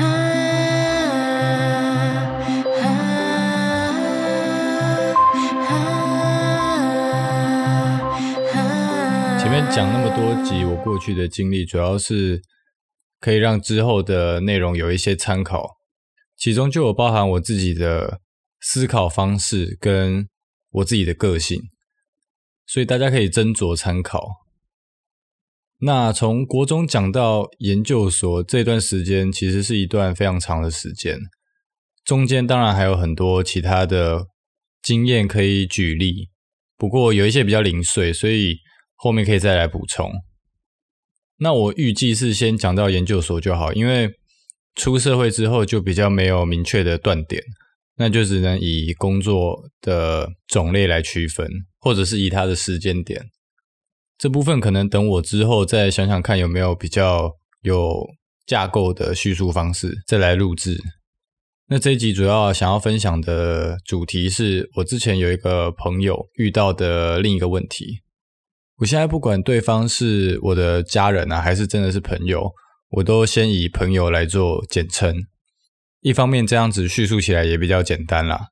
前面講那麼多集，我過去的經歷，主要是可以讓之後的內容有一些參考，其中就有包含我自己的思考方式跟我自己的個性，所以大家可以斟酌參考。那從國中講到研究所這段時間，其實是一段非常長的時間。中間當然還有很多其他的經驗可以舉例，不過有一些比較零碎，所以後面可以再來補充。那我預計是先講到研究所就好，因為出社會之後就比較沒有明確的斷點，那就只能以工作的種類來區分，或者是以它的時間點。這部分可能等我之後再想想看有沒有比較有架構的敘述方式再來錄製。那這一集主要想要分享的主題是我之前有一個朋友遇到的另一個問題。我現在不管對方是我的家人啊，還是真的是朋友，我都先以朋友來做簡稱。一方面這樣子敘述起來也比較簡單啦。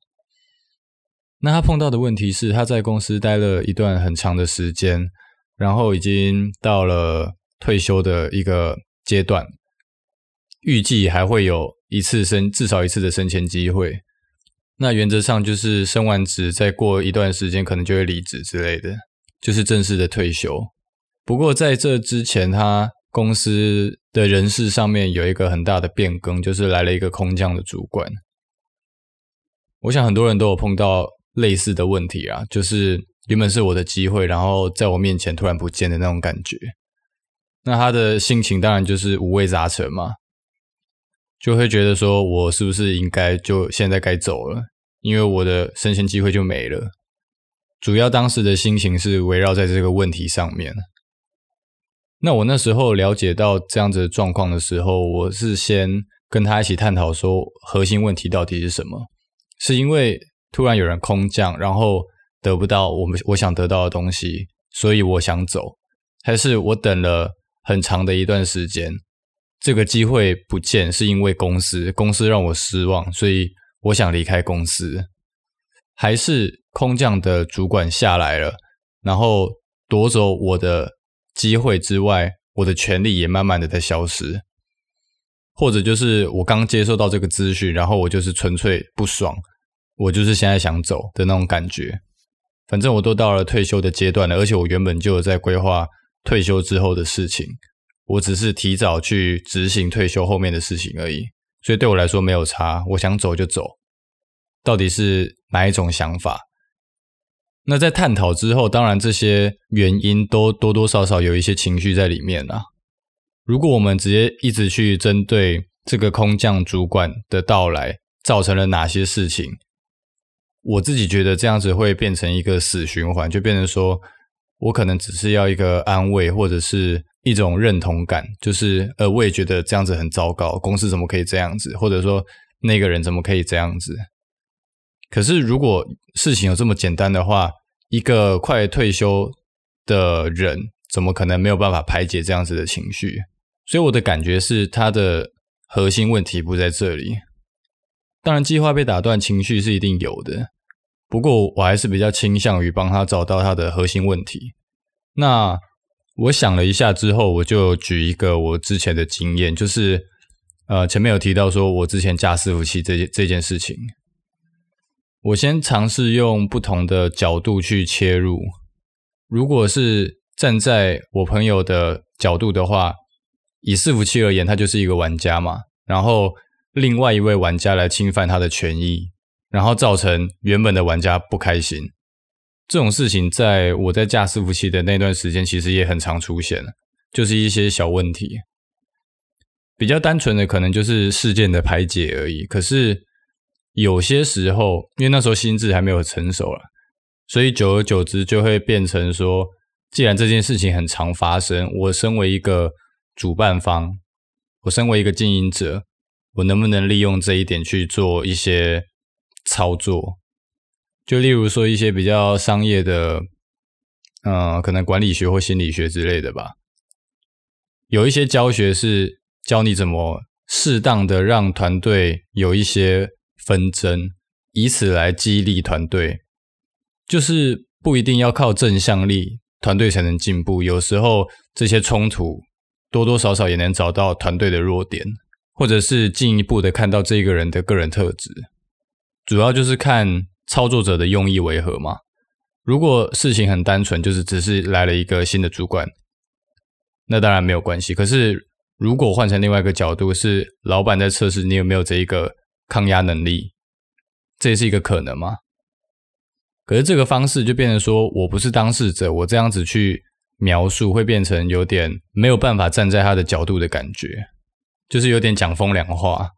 那他碰到的問題是，他在公司待了一段很長的時間。然後已經到了退休的一個階段，預計還會有一次升，至少一次的升遷機會。那原則上就是升完職，再過一段時間可能就會離職之類的，就是正式的退休。不過在這之前，他公司的人事上面有一個很大的變更，就是來了一個空降的主管。我想很多人都有碰到類似的問題啊，就是。原本是我的機會，然後在我面前突然不見的那種感覺，那他的心情當然就是五味雜陳嘛，就會覺得說，我是不是應該就現在該走了，因為我的升遷機會就沒了。主要當時的心情是圍繞在這個問題上面。那我那時候了解到這樣子的狀況的時候，我是先跟他一起探討說，核心問題到底是什麼？是因為突然有人空降，然後。得不到我們我想得到的東西，所以我想走。還是我等了很長的一段時間，這個機會不見，是因為公司公司讓我失望，所以我想離開公司。還是空降的主管下來了，然後奪走我的機會之外，我的權力也慢慢的在消失。或者就是我剛接受到這個資訊，然後我就是純粹不爽，我就是現在想走的那種感覺。反正我都到了退休的階段了，而且我原本就有在規劃退休之後的事情，我只是提早去執行退休後面的事情而已，所以對我來說沒有差，我想走就走。到底是哪一種想法？那在探討之後，當然這些原因都多多少少有一些情緒在裡面啊。如果我們直接一直去針對這個空降主管的到來，造成了哪些事情，我自己覺得這樣子會變成一個死循環，就變成說我可能只是要一個安慰或者是一種認同感，就是呃，我也覺得這樣子很糟糕，公司怎麼可以這樣子，或者說那個人怎麼可以這樣子？可是如果事情有這麼簡單的話，一個快退休的人怎麼可能沒有辦法排解這樣子的情緒？所以我的感覺是他的核心問題不在這裡。當然，計劃被打斷，情緒是一定有的。不過我還是比較傾向於幫他找到他的核心問題。那我想了一下之後，我就舉一個我之前的經驗，就是呃前面有提到說我之前架伺服器這件這件事情，我先嘗試用不同的角度去切入。如果是站在我朋友的角度的話，以伺服器而言，他就是一個玩家嘛，然後另外一位玩家來侵犯他的權益。然後造成原本的玩家不開心，這種事情在我在架伺服器的那段時間，其實也很常出現了，就是一些小問題，比較單純的可能就是事件的排解而已。可是有些時候，因為那時候心智還沒有成熟了，所以久而久之就會變成說，既然這件事情很常發生，我身為一個主辦方，我身為一個經營者，我能不能利用這一點去做一些操作，就例如說一些比較商業的，嗯、呃，可能管理學或心理學之類的吧。有一些教學是教你怎麼適當的讓團隊有一些紛爭，以此來激勵團隊。就是不一定要靠正向力，團隊才能進步。有時候這些衝突多多少少也能找到團隊的弱點，或者是進一步的看到這個人的個人特質。主要就是看操作者的用意為何嘛。如果事情很單純，就是只是來了一個新的主管，那當然沒有關係。可是如果換成另外一個角度，是老闆在測試你有沒有這一個抗壓能力，這也是一個可能嘛。可是這個方式就變成說，我不是當事者，我這樣子去描述會變成有點沒有辦法站在他的角度的感覺，就是有點講風涼話。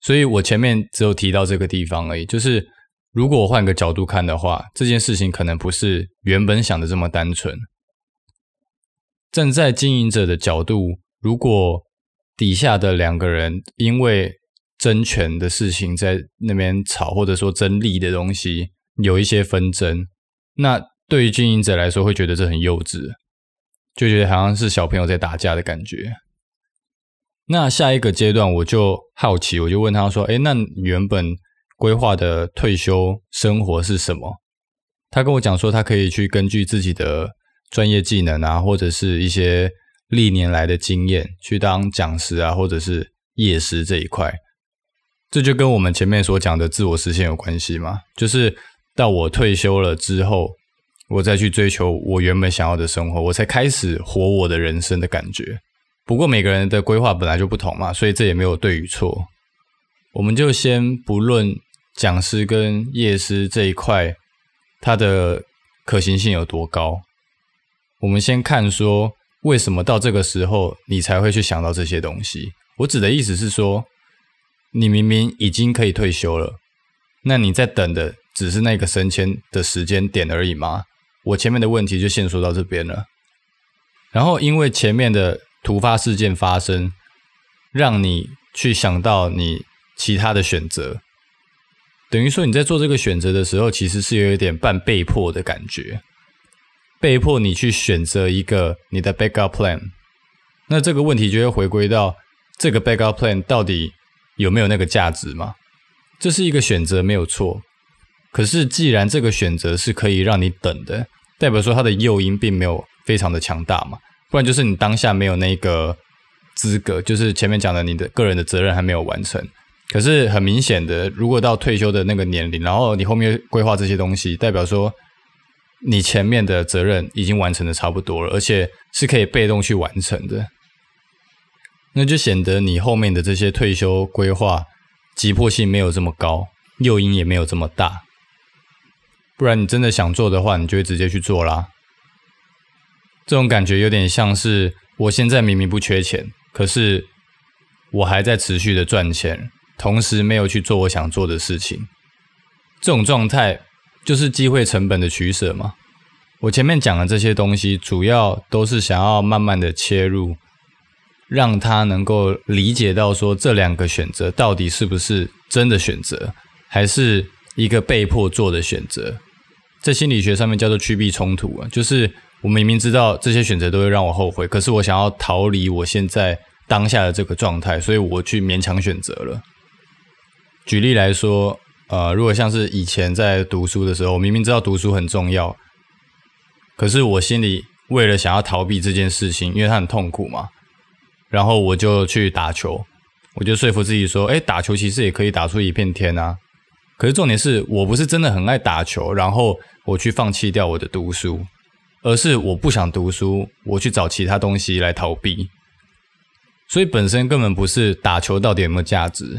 所以我前面只有提到這個地方而已，就是如果我換個角度看的話，這件事情可能不是原本想的這麼單純。站在經營者的角度，如果底下的兩個人因為爭權的事情在那邊吵，或者說爭利的東西有一些紛爭，那對於經營者來說會覺得這很幼稚，就覺得好像是小朋友在打架的感覺。那下一個階段，我就好奇，我就問他說：“誒，那你原本規劃的退休生活是什麼？”他跟我講說，他可以去根據自己的專業技能啊，或者是一些歷年來的經驗，去當講師啊，或者是業師這一塊。這就跟我們前面所講的自我實現有關係嘛？就是到我退休了之後，我再去追求我原本想要的生活，我才開始活我的人生的感覺。不過每個人的規劃本來就不同嘛，所以這也沒有對與錯。我們就先不論講師跟業師這一塊，它的可行性有多高，我們先看說，為什麼到這個時候你才會去想到這些東西。我指的意思是說，你明明已經可以退休了，那你在等的只是那個升遷的時間點而已嗎？我前面的問題就先說到這邊了。然後因為前面的。突發事件發生，讓你去想到你其他的選擇，等於說你在做這個選擇的時候，其實是有一點半被迫的感覺，被迫你去選擇一個你的 backup plan。那這個問題就會回歸到這個 backup plan 到底有沒有那個價值嘛？這是一個選擇沒有錯，可是既然這個選擇是可以讓你等的，代表說它的誘因並沒有非常的強大嘛。不然就是你當下沒有那個資格，就是前面講的你的個人的責任還沒有完成。可是很明顯的，如果到退休的那個年齡，然後你後面規劃這些東西，代表說你前面的責任已經完成的差不多了，而且是可以被動去完成的。那就顯得你後面的這些退休規劃急迫性沒有這麼高，誘因也沒有這麼大。不然你真的想做的話，你就會直接去做啦。這種感覺有點像是我現在明明不缺錢，可是我還在持續的賺錢，同時沒有去做我想做的事情。這種狀態就是機會成本的取舍嘛。我前面講的這些東西，主要都是想要慢慢的切入，讓他能夠理解到說這兩個選擇到底是不是真的選擇，還是一個被迫做的選擇。在心理學上面叫做趨避衝突啊，就是。我明明知道這些選擇都會讓我後悔，可是我想要逃離我現在當下的這個狀態，所以我去勉強選擇了。舉例來說，呃，如果像是以前在讀書的時候，我明明知道讀書很重要，可是我心裡為了想要逃避這件事情，因為它很痛苦嘛，然後我就去打球，我就說服自己說，誒，打球其實也可以打出一片天啊。可是重點是我不是真的很愛打球，然後我去放棄掉我的讀書。而是我不想讀書，我去找其他東西來逃避，所以本身根本不是打球到底有沒有價值，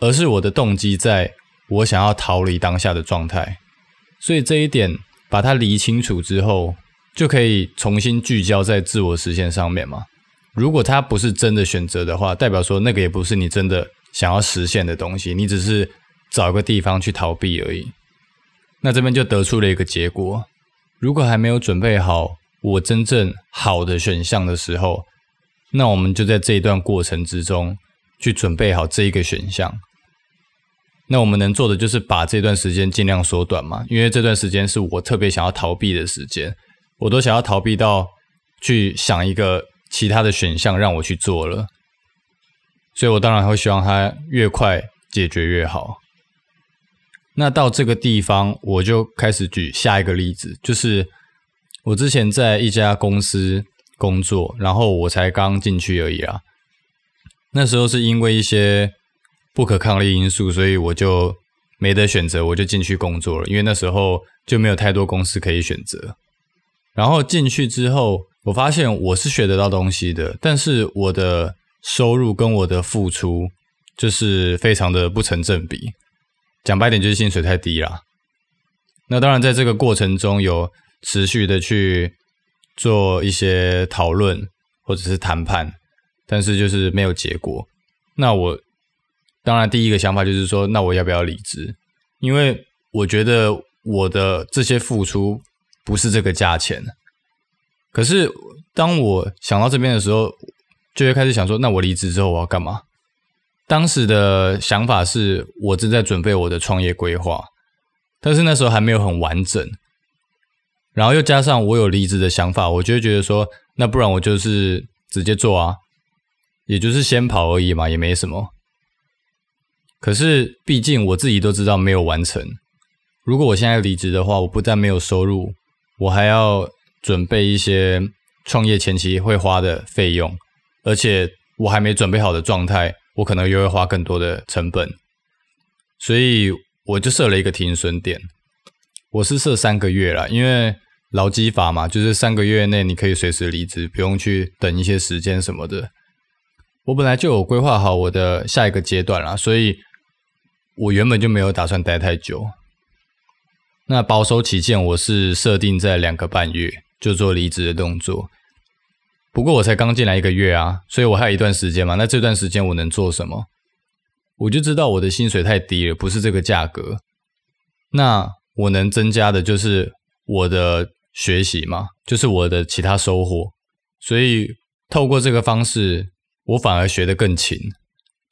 而是我的動機在，我想要逃離當下的狀態。所以這一點把它理清楚之後，就可以重新聚焦在自我實現上面嘛。如果它不是真的選擇的話，代表說那個也不是你真的想要實現的東西，你只是找一個地方去逃避而已。那這邊就得出了一個結果。如果還沒有準備好我真正好的選項的時候，那我們就在這一段過程之中去準備好這一個選項。那我們能做的就是把這段時間儘量縮短嘛，因為這段時間是我特別想要逃避的時間，我都想要逃避到去想一個其他的選項讓我去做了。所以我當然會希望它越快解決越好。那到這個地方，我就開始舉下一個例子，就是我之前在一家公司工作，然後我才剛進去而已啊。那時候是因為一些不可抗力因素，所以我就沒得選擇，我就進去工作了。因為那時候就沒有太多公司可以選擇。然後進去之後，我發現我是學得到東西的，但是我的收入跟我的付出就是非常的不成正比。講白點就是薪水太低啦。那當然在這個過程中有持續的去做一些討論或者是談判，但是就是沒有結果。那我當然第一個想法就是說，那我要不要離職？因為我覺得我的這些付出不是這個價錢。可是當我想到這邊的時候，就會開始想說，那我離職之後我要幹嘛？當時的想法是我正在準備我的創業規劃，但是那時候還沒有很完整，然後又加上我有離職的想法，我就會覺得說，那不然我就是直接做啊，也就是先跑而已嘛，也沒什麼。可是畢竟我自己都知道沒有完成，如果我現在離職的話，我不但沒有收入，我還要準備一些創業前期會花的費用，而且我還沒準備好的狀態。我可能又會花更多的成本，所以我就設了一個停損點，我是設三個月啦，因為勞基法嘛，就是三個月內你可以隨時離職，不用去等一些時間什麼的。我本來就有規劃好我的下一個階段啦，所以我原本就沒有打算待太久。那保守起見，我是設定在兩個半月就做離職的動作。不過我才剛進來一個月啊，所以我還有一段時間嘛。那這段時間我能做什麼？我就知道我的薪水太低了，不是這個價格。那我能增加的就是我的學習嘛，就是我的其他收穫。所以透過這個方式，我反而學得更勤。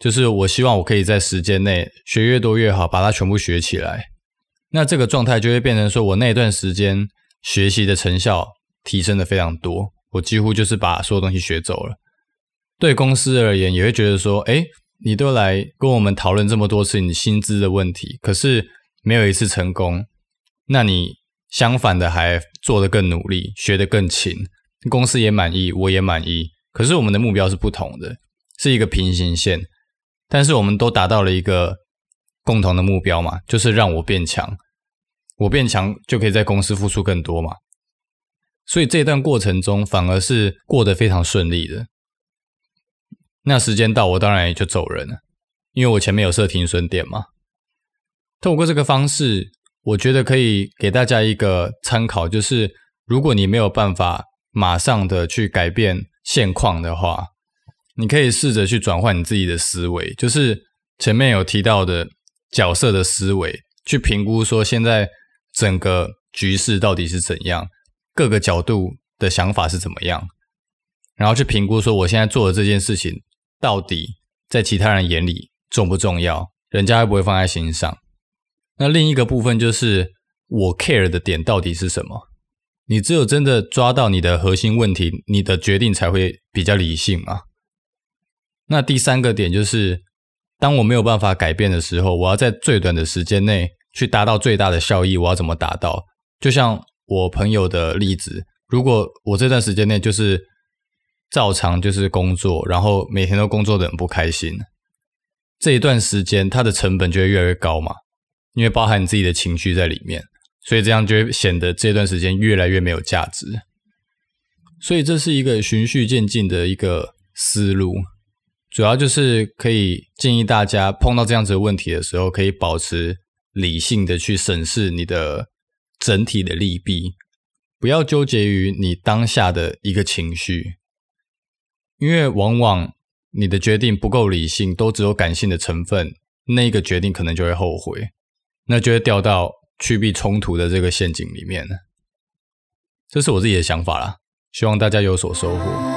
就是我希望我可以在時間內學越多越好，把它全部學起來。那這個狀態就會變成說我那段時間學習的成效提升的非常多。我幾乎就是把所有東西學走了。對公司而言，也會覺得說：“誒，你都來跟我們討論這麼多次你薪資的問題，可是沒有一次成功。那你相反的還做得更努力，學得更勤，公司也滿意，我也滿意。可是我們的目標是不同的，是一個平行線。但是我們都達到了一個共同的目標嘛，就是讓我變強。我變強就可以在公司付出更多嘛。”所以這段過程中反而是過得非常順利的。那時間到，我當然也就走人了，因為我前面有設停損點嘛。透過這個方式，我覺得可以給大家一個參考，就是如果你沒有辦法馬上的去改變現況的話，你可以試着去轉換你自己的思維，就是前面有提到的角色的思維，去評估說現在整個局勢到底是怎樣。各個角度的想法是怎麼樣，然後去評估說我現在做的這件事情到底在其他人眼裡重不重要，人家會不會放在心上？那另一個部分就是我 care 的點到底是什麼？你只有真的抓到你的核心問題，你的決定才會比較理性嘛。那第三個點就是，當我沒有辦法改變的時候，我要在最短的時間內去達到最大的效益，我要怎麼達到？就像。我朋友的例子，如果我這段時間內就是照常就是工作，然後每天都工作得很不開心，這一段時間它的成本就會越來越高嘛，因為包含你自己的情緒在裡面，所以這樣就會顯得這段時間越來越沒有價值。所以這是一個循序漸進的一個思路，主要就是可以建議大家碰到這樣子的問題的時候，可以保持理性的去審視你的整體的利弊，不要糾結於你當下的一個情緒，因為往往你的決定不夠理性，都只有感性的成分，那一個決定可能就會後悔，那就會掉到趨避衝突的這個陷阱裡面。這是我自己的想法啦，希望大家有所收穫。